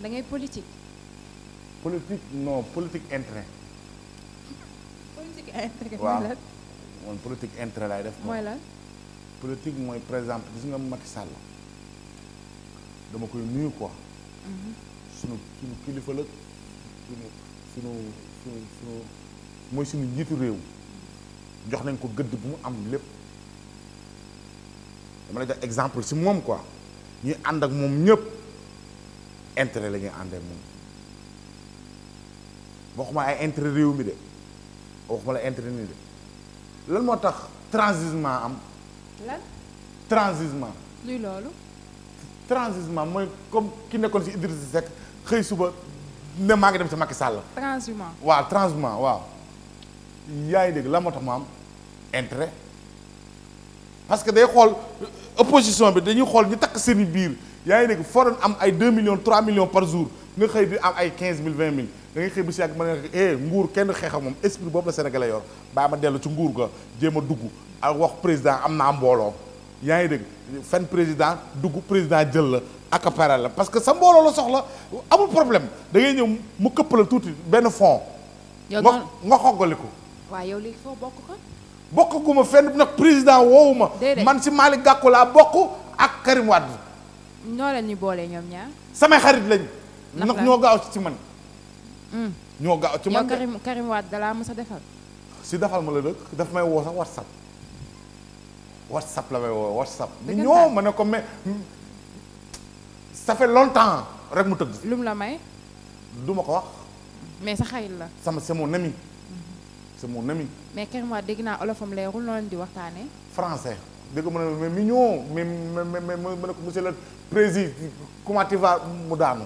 da ngay politique. politique non politique intérêt. politique intérêt mooy lan waaw man politique intérêt laay def. mooy lan politique mooy par exemple gis nga Macky Sall dama koy nuyu quoi. Mhm. sunu sunu kilifa la sunu sunu sunu sunu mooy sunu njiitu réew jox nañ ko gëdd bu mu am lépp dama lay jox exemple si moom quoi ñuy ànd ak moom ñëpp. intérêt la ñuy ànd ak ma ay intérêt réew mi de waxuma la intérêt nii de lan moo tax transisement am. lan. transisement. luy loolu. transisement mooy comme ki nekkoon si Idrissa Seck xëy suba ne maa ngi dem ci Macky Sall. transhumant waa transhumant waaw. yaa ngi dégg lan moo tax mu am intérêt parce que day xool opposition bi dañuy xool ñu takk seeni biir. yaa ngi dégg foo am ay 2 millions 3 millions par jour nga xey bi am ay 15000 20000 da ngay xey bi ci ak mën eh nguur kenn xeexa mom esprit bobu la Sénégalais yor ba ma dellu ci nguur ga jéem dugg ak wax président am naa mbooloo yaa ngi fen président dugg président jël la ak la parce que sa mbolo la soxla amul problème da ngay ñew mu keppal la ben fond nga nga wa yow li fo bokk ko bokkaguma fenn nag président woowu man si malik Gakou laa bokk ak Karim Wade noo la ñu boole ñoom ñaar. samay xarit lañ. ndax ñoo gaaw ci man. Hmm. ñoo gaaw ci man Karim Karim Wade dalaa mës a defal. si defal ma la dëkk daf may woo sax whatsapp. whatsapp la may woo whatsapp. ñoo ma ne ko mais ça fait longtemps rek mu tëgg. lu la may. duma ko wax. mais sa xarit la. sama c'est mon ami. Hmm. c'est mais Karim dégg naa olofam leerul noonu di waxtaanee. français. dégg mu ne mais mignon mais mais ma ne ko monsieur le président comment tu vas mu daanu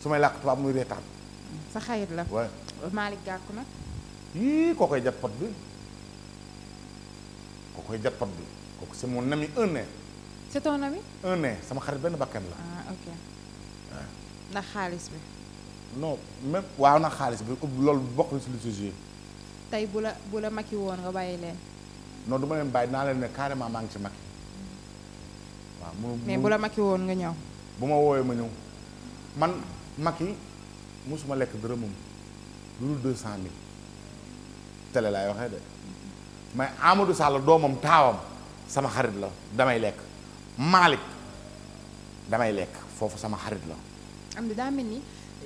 su may làkk tubaab muy reetaan. sa xarit la. waaw Malick Gakou nag. yii koo koy jàppat bi koo koy jàppat bi kooku c'est mon ami un an. c'est ton ami. un an sama xarit benn bakkan la. ah ok. ndax xaalis bi. non même waaw ndax xaalis bi loolu bokk na si lu si tey bu la bu la makki woon nga bàyyi leen. non duma leen bàyyi naa leen ne carrément maa ngi ci Macky wa mo mais bu la Macky won nga ñaw bu ma woowee ma ñëw man Macky musuma lek dërëmam lu 200000 télé lay waxé dé may Amadou Sall domam tawam sama xarit la damay lek malik damay lek fofu sama xarit la am di daa mel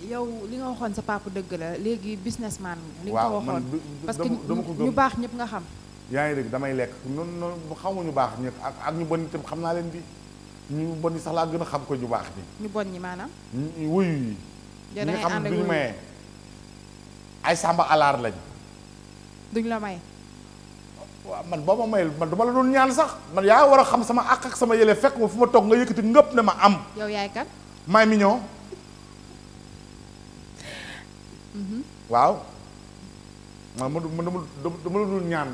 yow li nga waxone sa papa deug la legui businessman li nga waxone parce que ñu bax ñep nga xam yaa ngi dégg damay lekk noonu noonu xamuñu baax ñi ak ak ñu bon itam xam naa leen bi ñu bon ñi sax laa gën a xam ko ñu baax ñi. ñu bon ñi maanaam. wuyu yi. ñi nga xam ne duñu maye ay sàmba alaar lañ. duñ la may. waaw man boo ma mayul man ñaan sax man yaa war xam sama àq sama yële fekk ma fu ma toog nga yëkkati ngëpp ne ma am. yow yaay kan. may mi ñëw. Mhm. waaw man man dama dama la doon ñaan.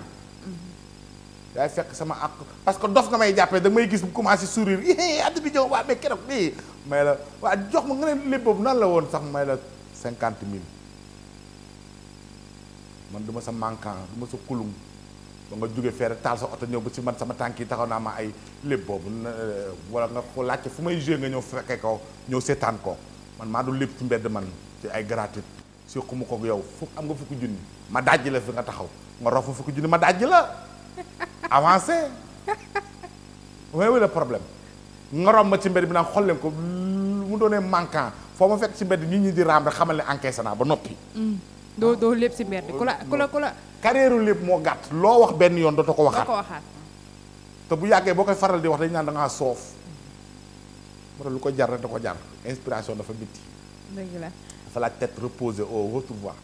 daay fekk sama àq parce que dof nga may jàppee da may gis mu commencé sourire eh addi bi ñëw waa mais keroog nii may la waa jox ma nga ne lépp boobu nan la woon sax may la cinquante mille man du ma sa manquant du ma sa kulum ba nga jóge feere taal sa oto ñëw ba si man sama tànk yi taxaw naa ma ay lépp boobu euh, wala nga ko laajte fu may joué nga ñëw fekkee ko ñëw seetaan ko man maa du lépp ci mbedd man ci ay gratuite séquma ko yow fuk am nga fukki junni ma dajj la fi nga taxaw nga rofu fukki junni ma dajj la avancé woowu la problème nga rom ma ci mbedd bi naan xool ko mu doné manquant fo ma fekk ci mbedd nit ñi di ram rek xamal ne encaissé naa ba nopi mm. do do lepp ci mbedd kula kula kula carrière lepp mo gatt lo wax benn yoon to ko waxat te bu yagge bokay faral di wax dañ naan da nga sof mo tax lu ko jar da ko jar inspiration dafa biti deug la la tête reposée au retrouvoir.